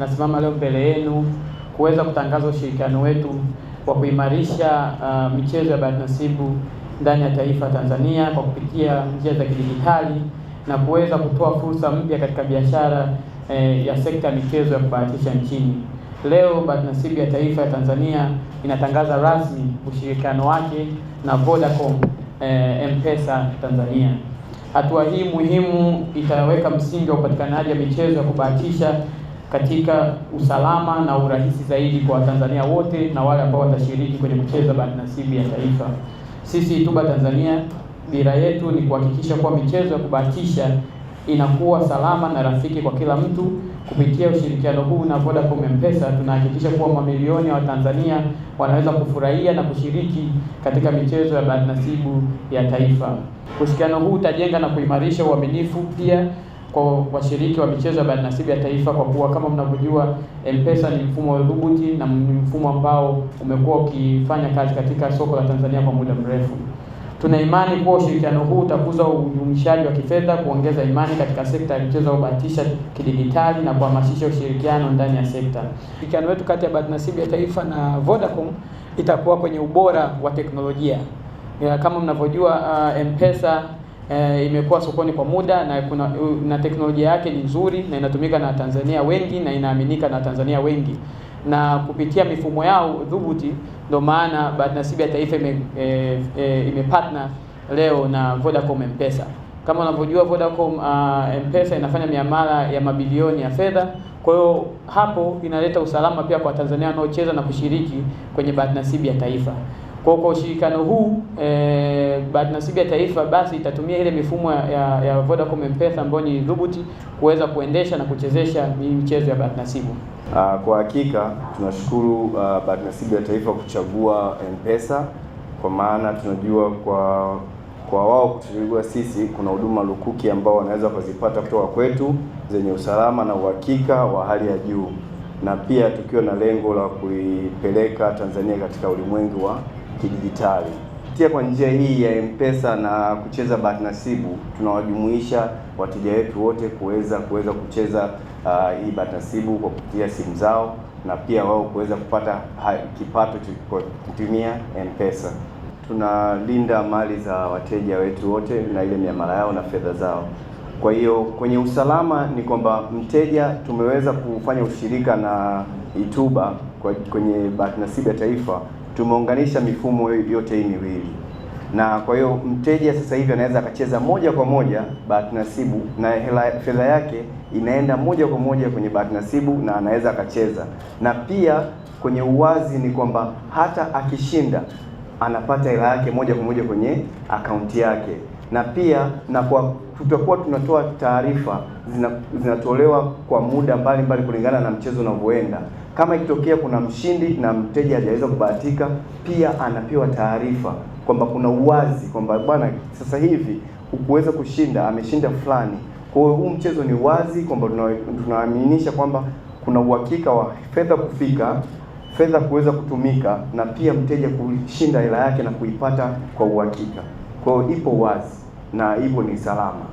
Nasimama leo mbele yenu kuweza kutangaza ushirikiano wetu wa kuimarisha uh, michezo ya bahati nasibu ndani ya taifa Tanzania kwa kupitia njia za kidijitali na kuweza kutoa fursa mpya katika biashara eh, ya sekta ya michezo ya kubahatisha nchini. Leo bahati nasibu ya taifa ya Tanzania inatangaza rasmi ushirikiano wake na Vodacom eh, M-Pesa Tanzania. Hatua hii muhimu itaweka msingi wa upatikanaji wa michezo ya kubahatisha katika usalama na urahisi zaidi kwa Watanzania wote na wale ambao watashiriki kwenye mchezo bahati nasibu ya taifa. Sisi Tuba Tanzania, dira yetu ni kuhakikisha kuwa michezo ya kubahatisha inakuwa salama na rafiki kwa kila mtu. Kupitia ushirikiano huu na Vodacom M-Pesa, tunahakikisha kuwa mamilioni ya Watanzania wanaweza kufurahia na kushiriki katika michezo ya bahati nasibu ya taifa. Ushirikiano huu utajenga na kuimarisha uaminifu pia kwa washiriki wa michezo ya Balinasibu ya Taifa, kwa kuwa kama mnavyojua M-Pesa ni mfumo wa udhubuti na ni mfumo ambao umekuwa ukifanya kazi katika soko la Tanzania kwa muda mrefu. Tuna imani kuwa ushirikiano huu utakuza ujumishaji wa kifedha, kuongeza imani katika sekta ya michezo au bahatisha kidigitali na kuhamasisha ushirikiano ndani ya sekta. Ushirikiano wetu kati ya Balinasibu ya Taifa na Vodacom itakuwa kwenye ubora wa teknolojia. Kama mnavyojua uh, M-Pesa e, imekuwa sokoni kwa muda na kuna, na teknolojia yake ni nzuri na inatumika na Tanzania wengi na inaaminika na Tanzania wengi na kupitia mifumo yao dhubuti, ndio maana bahati nasibu ya taifa ime, e, e, imepartner leo na Vodacom Mpesa. Kama unavyojua Vodacom uh, Mpesa inafanya miamala ya mabilioni ya fedha. Kwa hiyo hapo inaleta usalama pia kwa Tanzania wanaocheza na kushiriki kwenye bahati nasibu ya taifa. Kwa kwa ushirikiano huu eh, bahati nasibu ya taifa basi itatumia ile mifumo ya, ya Vodacom M-Pesa ambayo ni dhubuti kuweza kuendesha na kuchezesha michezo ya bahati nasibu. Ah, kwa hakika tunashukuru uh, bahati nasibu ya taifa kuchagua M-Pesa kwa maana tunajua kwa kwa wao kutuchagua sisi, kuna huduma lukuki ambao wanaweza kuzipata kutoka kwetu zenye usalama na uhakika wa hali ya juu, na pia tukiwa na lengo la kuipeleka Tanzania katika ulimwengu wa kidijitali kupitia kwa njia hii ya M-Pesa na kucheza bahati nasibu, tunawajumuisha wateja wetu wote kuweza kuweza kucheza uh, hii bahati nasibu kwa kupitia simu zao na pia wao kuweza kupata kipato kwa kutumia M-Pesa. Tunalinda mali za wateja wetu wote na ile miamala yao na fedha zao. Kwa hiyo kwenye usalama ni kwamba mteja tumeweza kufanya ushirika na Ituba kwa, kwenye bahati nasibu ya taifa tumeunganisha mifumo yote hii miwili, na kwa hiyo mteja sasa hivi anaweza akacheza moja kwa moja bahati nasibu na hela fedha yake inaenda moja kwa moja kwenye bahati nasibu na anaweza akacheza, na pia kwenye uwazi ni kwamba hata akishinda anapata hela yake moja kwa moja kwenye akaunti yake na pia na kwa tutakuwa tunatoa taarifa zinatolewa kwa muda mbalimbali kulingana na mchezo unavyoenda. Kama ikitokea kuna mshindi na mteja hajaweza kubahatika, pia anapewa taarifa kwamba kuna uwazi kwamba bwana, sasa hivi ukuweza kushinda, ameshinda fulani. Kwa hiyo huu mchezo ni wazi kwamba tunaaminisha kwamba kuna uhakika wa fedha kufika, fedha kuweza kutumika na pia mteja kushinda hela yake na kuipata kwa uhakika. Kwa ipo wazi na ipo ni salama.